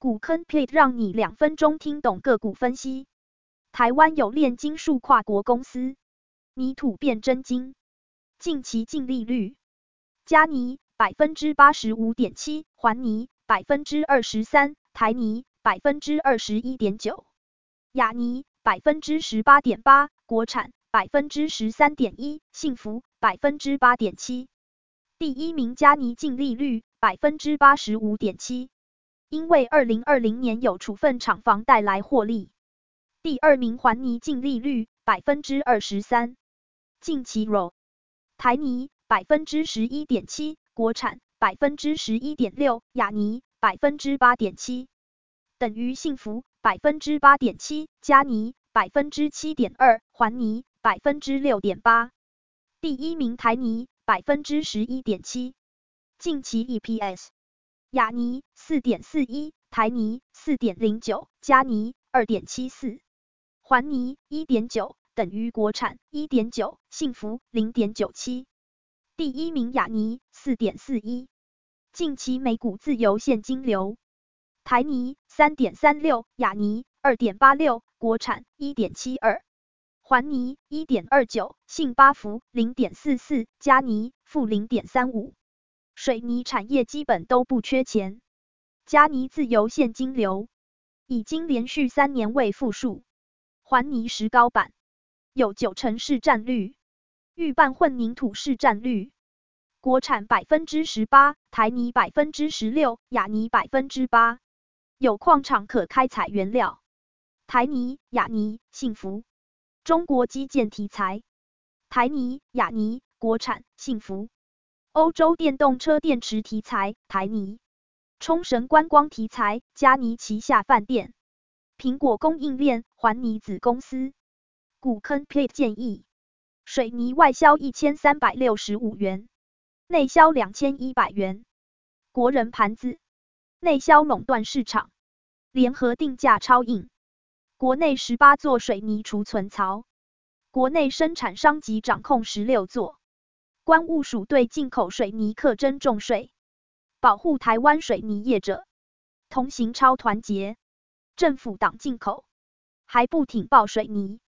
股坑派讓你兩分鐘聽懂個股分析。台灣有煉金術跨國公司，泥土變真金。近期淨利率：嘉泥百分之八十五點七，環泥百分之二十三，台泥百分之二十一點九，亞泥百分之十八點八，國產百分之十三點一，幸福百分之八點七。第一名嘉泥淨利率百分之八十五點七。因為二零二零年有處分廠房帶來獲利。第二名環泥淨利率百分之二十三，近期 RO，台泥百分之十一點七，國產百分之十一點六，亞泥百分之八點七，等於幸福百分之八點七，嘉泥百分之七點二，環泥百分之六點八。第一名台泥百分之十一點七，近期 EPS，亞泥。四點四一台泥，四點零九嘉泥，二點七四環泥，一點九等於國產，一點九幸福，零點九七第一名亞泥四點四一，近期每股自由現金流台泥三點三六，亞泥二點八六，國產一點七二，環泥一點二九，幸八福零點四四，嘉泥負零點三五，水泥產業基本都不缺錢。嘉泥自由現金流已經連續三年為負數。環泥石膏板有九成市占率，預拌混凝土市占率，國產百分之十八，台泥百分之十六，亞泥百分之八。有礦場可開採原料。台泥、亞泥、幸福，中國基建題材。台泥、亞泥、國產、幸福，歐洲電動車電池題材。台泥。沖繩觀光題材，嘉泥旗下飯店，蘋果供應鏈，環泥子公司，古坑 plate 建議，水泥外銷一千三百六十五元，內銷兩千一百元，國人盤子，內銷壟斷市場，聯合定價超硬，國內十八座水泥儲存槽，國內生產商即掌控十六座，關務署對進口水泥課徵重稅。保護台灣水泥業者，同行超團結，政府擋進口，還不挺爆水泥。